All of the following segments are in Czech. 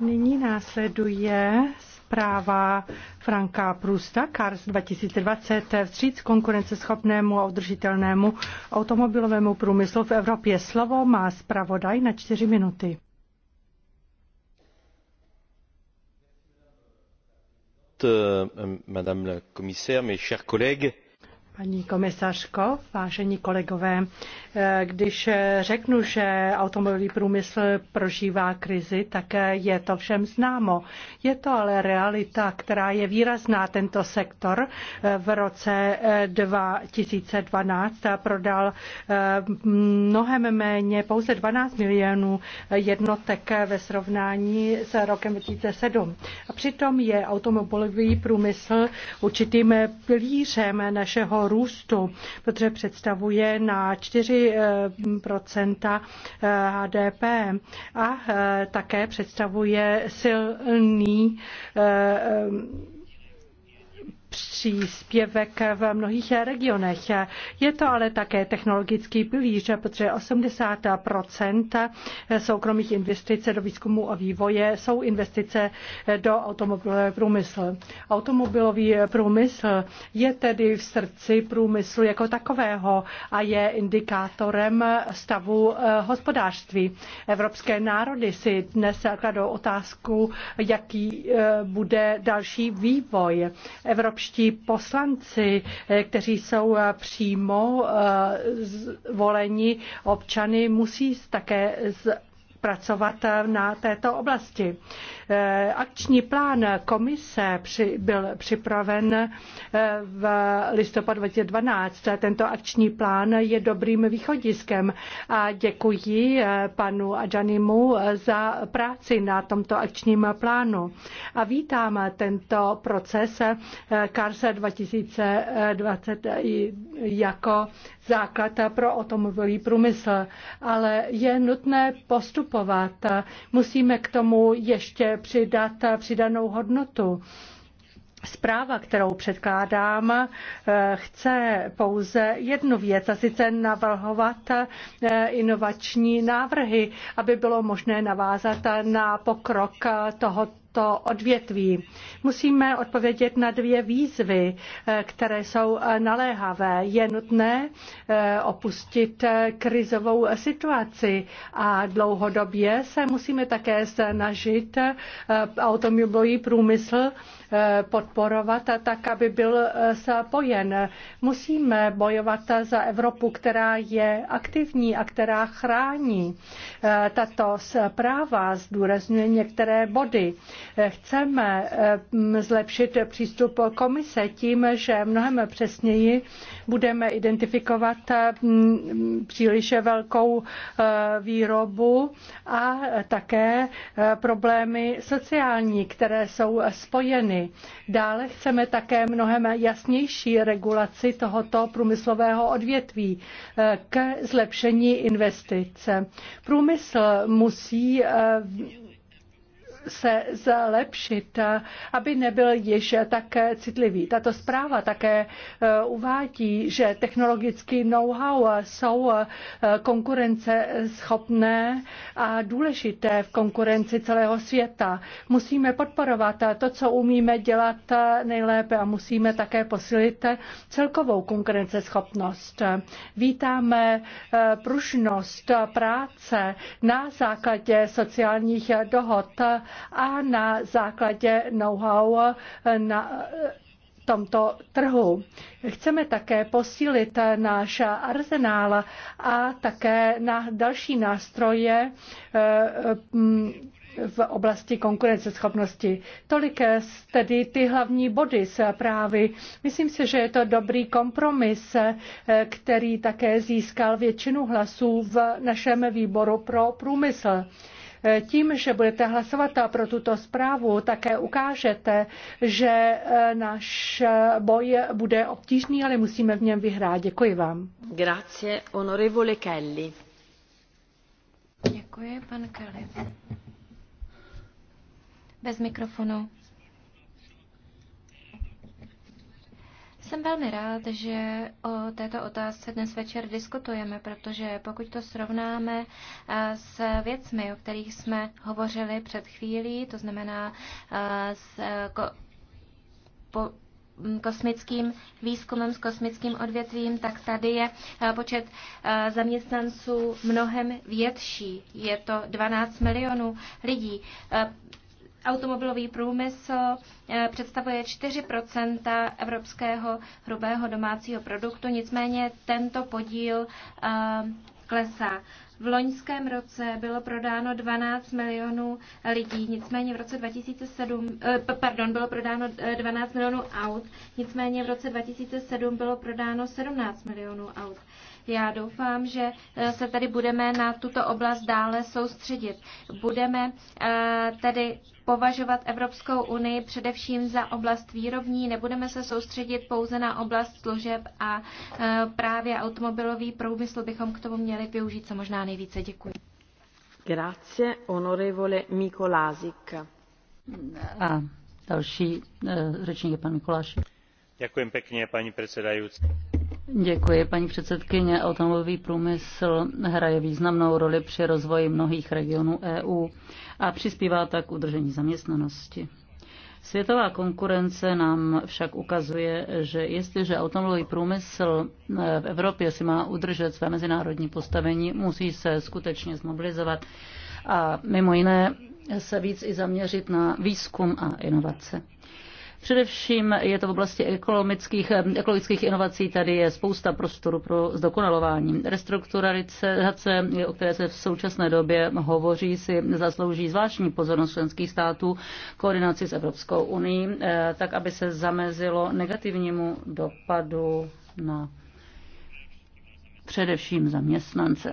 Nyní následuje zpráva Franka Prusta, CARS 2020, vstříc konkurenceschopnému a udržitelnému automobilovému průmyslu v Evropě. Slovo má zpravodaj na čtyři minuty. Euh, madame la commissaire, mes chers collègues, Paní komisařko, vážení kolegové, když řeknu, že automobilový průmysl prožívá krizi, tak je to všem známo. Je to ale realita, která je výrazná. Tento sektor v roce 2012 prodal mm, mnohem méně, pouze 12 milionů jednotek ve srovnání s rokem 2007. A přitom je automobilový průmysl určitým pilířem našeho růstu, protože představuje na 4 eh, eh, HDP a eh, také představuje silný příspěvek v mnohých regionech. Je to ale také technologický pilíř, protože 80 soukromých investic do výzkumu a vývoje jsou investice do automobilového průmyslu. Automobilový průmysl je tedy v srdci průmyslu jako takového a je indikátorem stavu eh, hospodářství. Evropské národy si dnes kladou otázku, jaký eh, bude další vývoj. Evropské evropští poslanci, eh, kteří jsou eh, přímo eh, voleni občany, musí také pracovat na této oblasti. Eh, akční plán komise byl připraven eh, v listopadu 2012. Tento akční plán je dobrým východiskem a děkuji eh, panu Adžanimu za práci na tomto akčním plánu. A vítám tento proces CARSA 2020 jako základ pro automobilový průmysl, ale je nutné postup postupovat. Musíme k tomu ještě přidat přidanou hodnotu. Zpráva, kterou předkládám, chce pouze jednu věc, a sice navrhovat eh, inovační návrhy, aby bylo možné navázat na pokrok tohoto to odvětví. Musíme odpovědět na dvě výzvy, eh, které jsou eh, naléhavé. Je nutné eh, opustit krizovou situaci a dlouhodobě se musíme také snažit automobilový průmysl podporovat tak, aby byl spojen. Musíme bojovat za Evropu, která je aktivní a která chrání. Tato zpráva zdůrazňuje některé body. Chceme eh, zlepšit přístup komise tím, že mnohem přesněji budeme identifikovat mm, příliš velkou eh, výrobu a také eh, problémy sociální, které jsou spojeny. Dále chceme také mnohem jasnější regulaci tohoto průmyslového odvětví k zlepšení investic. Průmysl musí se zlepšit, aby nebyl již tak citlivý. Tato zpráva také eh, uvádí, že technologický know-how jsou eh, konkurence schopné a důležité v konkurenci celého světa. Musíme podporovat to, co umíme dělat nejlépe a musíme také posilit celkovou konkurenceschopnost. Vítáme eh, pružnost práce na základě sociálních dohod a na základě know-how eh, na eh, tomto trhu. Chceme také posílit eh, náš arzenál a také na další nástroje mm, v oblasti konkurenceschopnosti. Tolik tedy ty hlavní body zprávy. Myslím si, že je to dobrý kompromis, který také získal většinu hlasů v našem výboru pro průmysl. Tím, že budete hlasovat pro tuto zprávu, také ukážete, že eh, náš eh, boj bude obtížný, ale musíme v něm vyhrát. Děkuji vám. Grazie, onorevole Kelly. Děkuji, pan Kelly. Bez mikrofonu. Jsem velmi rád, že o této otázce dnes večer diskutujeme, protože pokud to srovnáme eh, s věcmi, o kterých jsme hovořili před chvílí, to znamená eh, s eh, po, mm, kosmickým výzkumem, s kosmickým odvětvím, tak tady je počet zaměstnanců mnohem větší. Je to 12 milionů lidí automobilový průmysl eh, představuje 4 evropského hrubého domácího produktu, nicméně tento podíl eh, klesá. V loňském roce bylo prodáno 12 milionů lidí, nicméně v roce 2007, eh, pardon, bylo prodáno 12 milionů aut, nicméně v roce 2007 bylo prodáno 17 milionů aut. Já doufám, že eh, se tady budeme na tuto oblast dále soustředit. Budeme eh, tedy považovat Evropskou unii především za oblast výrobní, nebudeme se soustředit pouze na oblast služeb a eh, právě automobilový průmysl bychom k tomu měli využít co možná nejvíce. Děkuji. Grazie, onorevole Mikolázik. A další řečník je pan Mikolášek. Děkuji pěkně, paní předsedající Děkuji, paní předsedkyně. Automobilový průmysl hraje významnou roli při rozvoji mnohých regionů EU a přispívá tak k udržení zaměstnanosti. Světová konkurence nám však ukazuje, že jestliže automobilový průmysl eh, v Evropě si má udržet své mezinárodní postavení, musí se skutečně zmobilizovat a mimo jiné se víc i zaměřit na výzkum a inovace. Především je to v oblasti ekonomických, eh, ekologických inovací, tady je spousta prostoru pro zdokonalování. Restrukturalizace, o které se v současné době hovoří, si zaslouží zvláštní pozornost členských států, koordinaci s Evropskou unii, eh, tak aby se zamezilo negativnímu dopadu na především zaměstnance.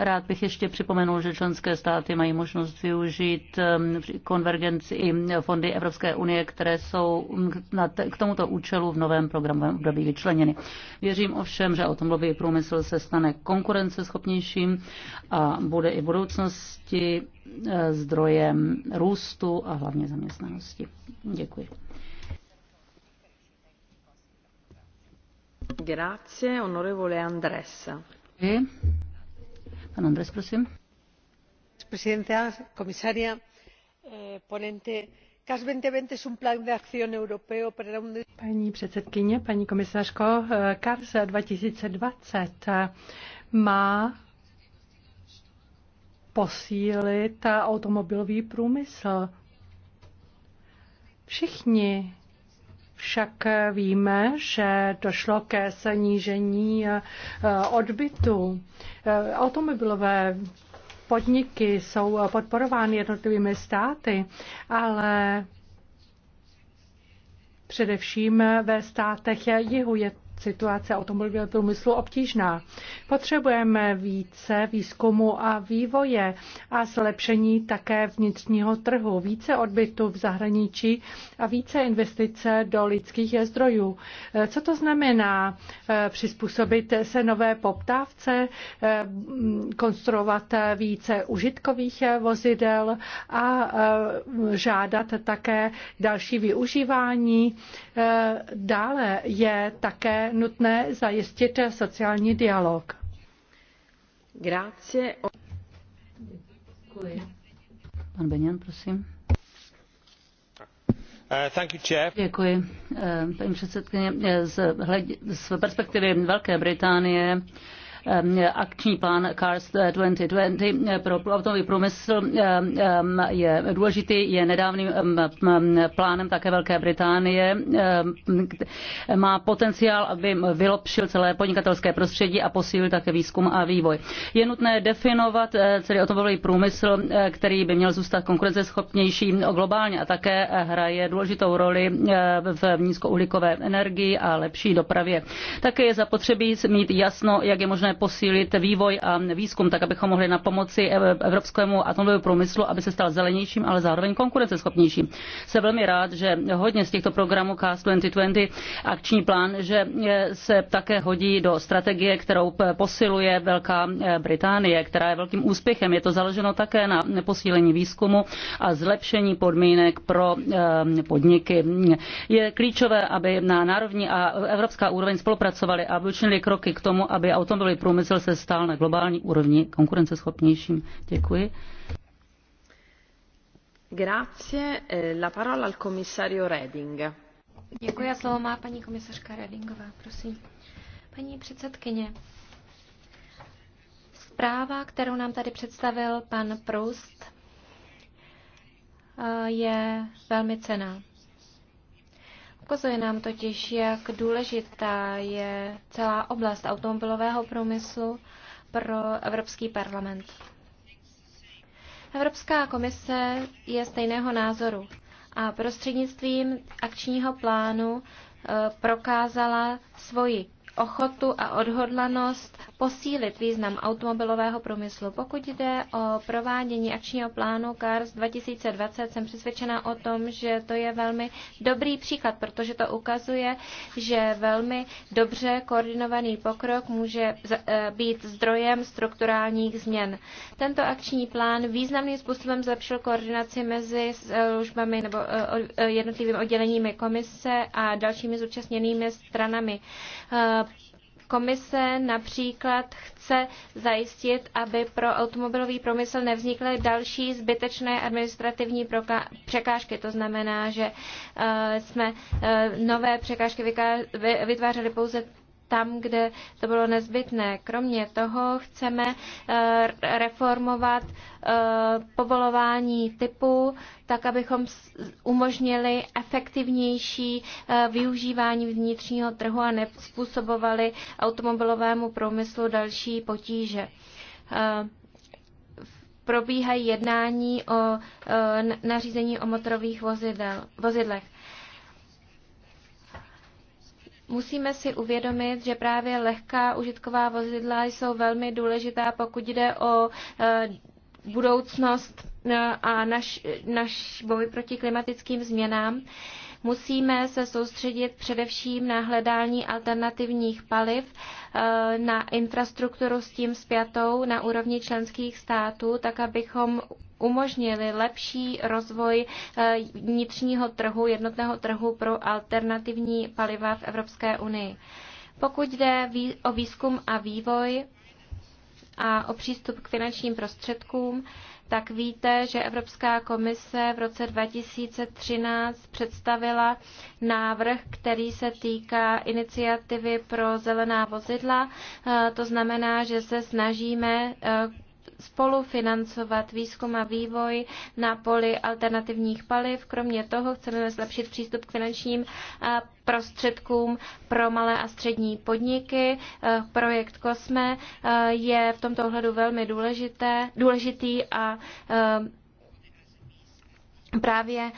Rád bych ještě připomenul, že členské státy mají možnost využít um, konvergenci i fondy Evropské unie, které jsou um, k tomuto účelu v novém programovém období vyčleněny. Věřím ovšem, že automobilový průmysl se stane konkurenceschopnějším a bude i v budoucnosti eh, zdrojem růstu a hlavně zaměstnanosti. Děkuji. Grazie, onorevole Andressa señora Andres, prosím. Presidenta, komisaria, eh, ponente. CAS veinte es un plan de acción europeo para un... Paní předsedkyně, paní komisařko, eh, CARS 2020 eh, má posílit automobilový průmysl. Všichni však víme, že došlo ke snížení eh, odbytu. Eh, automobilové podniky jsou podporovány jednotlivými státy, ale především ve státech jihu je situace automobilového průmyslu obtížná. Potřebujeme více výzkumu a vývoje a zlepšení také vnitřního trhu, více odbytu v zahraničí a více investice do lidských zdrojů. E, co to znamená e, přizpůsobit se nové poptávce, e, konstruovat více užitkových vozidel a žádat také další využívání. Dále je také nutné zajistit sociální dialog. Grácie. Pan Benjan, prosím. Eh, Děkuji. Eh, paní předsedkyně, eh, z, hled, z perspektivy Velké Británie Ehm, akční plán CARS 2020 eh, pro automobilový průmysl ehm, ehm, je důležitý, je nedávným plánem také Velké Británie, má potenciál, aby vylopšil celé podnikatelské prostředí a posílil také výzkum a vývoj. Je nutné definovat eh, celý automobilový průmysl, eh, který by měl zůstat konkurenceschopnější globálně a také hraje důležitou roli v nízkouhlíkové energii a lepší dopravě. Také je zapotřebí mít jasno, jak je možné nutné posílit vývoj a výzkum, tak abychom mohli na pomoci evropskému atomovému průmyslu, aby se stal zelenějším, ale zároveň konkurenceschopnějším. Jsem velmi rád, že hodně z těchto programů CAS 2020 akční plán, že se také hodí do strategie, kterou posiluje Velká eh, Británie, která je velkým úspěchem. Je to založeno také na posílení výzkumu a zlepšení podmínek pro eh, podniky. Je klíčové, aby na národní a evropská úroveň spolupracovali a aby učinili kroky k tomu, aby automobily průmysl se stal na globální úrovni konkurenceschopnějším. Děkuji. Grazie. Eh, la parola al commissario Reding. Děkuji a slovo má paní komisařka Redingová, prosím. Paní předsedkyně, zpráva, kterou nám tady představil pan Proust, eh, je velmi cená. Ukazuje nám totiž, jak důležitá je celá oblast automobilového průmyslu pro Evropský parlament. Evropská komise je stejného názoru a prostřednictvím akčního plánu eh, prokázala svoji ochotu a odhodlanost posílit význam automobilového průmyslu. Pokud jde o provádění akčního plánu CARS 2020, jsem přesvědčena o tom, že to je velmi dobrý příklad, protože to ukazuje, že velmi dobře koordinovaný pokrok může e, být zdrojem strukturálních změn. Tento akční plán významným způsobem zlepšil koordinaci mezi službami nebo e, e, jednotlivými odděleními komise a dalšími zúčastněnými stranami Komise například chce zajistit, aby pro automobilový průmysl nevznikly další zbytečné administrativní překážky. To znamená, že eh, jsme eh, nové překážky vytvářeli pouze tam, kde to bylo nezbytné. Kromě toho chceme eh, reformovat eh, povolování typu, tak abychom umožnili efektivnější eh, využívání vnitřního trhu a nepůsobovali automobilovému průmyslu další potíže probíhají jednání o nařízení o motorových vozidlech. Musíme si uvědomit, že právě lehká užitková vozidla jsou velmi důležitá, pokud jde o eh, budoucnost eh, a naš, naš boj proti klimatickým změnám. Musíme se soustředit především na hledání alternativních paliv, eh, na infrastrukturu s tím zpětou na úrovni členských států, tak abychom umožnili lepší rozvoj eh, vnitřního trhu, jednotného trhu pro alternativní paliva v Evropské unii. Pokud jde o výzkum a vývoj a o přístup k finančním prostředkům, tak víte, že Evropská komise v roce 2013 představila návrh, který se týká iniciativy pro zelená vozidla. Eh, to znamená, že se snažíme eh, spolufinancovat výzkum a vývoj na poli alternativních paliv. Kromě toho chceme zlepšit přístup k finančním eh, prostředkům pro malé a střední podniky. Eh, projekt COSME eh, je v tomto ohledu velmi důležité, důležitý a Právě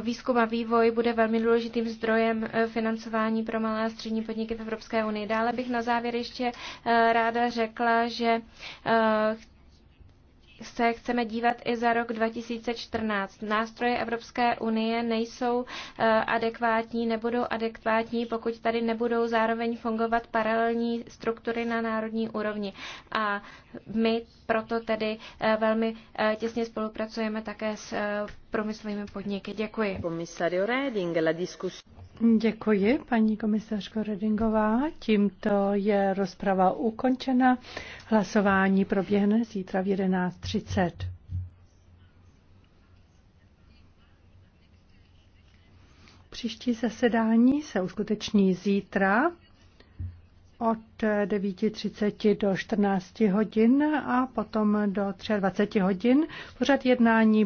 výzkum a vývoj bude velmi důležitým zdrojem financování pro malé a střední podniky v Evropské unii. Dále bych na závěr ještě ráda řekla, že se chceme dívat i za rok 2014. Nástroje Evropské unie nejsou eh, adekvátní, nebudou adekvátní, pokud tady nebudou zároveň fungovat paralelní struktury na národní úrovni. A my proto tedy eh, velmi eh, těsně spolupracujeme také s průmyslovými podniky. Děkuji. Komisario Reding, la Děkuji, paní komisařko Redingová. Tímto je rozprava ukončena. Hlasování proběhne zítra v 11.30. Příští zasedání se uskuteční zítra od 9.30 do 14 hodin a potom do 23 hodin. Pořad jednání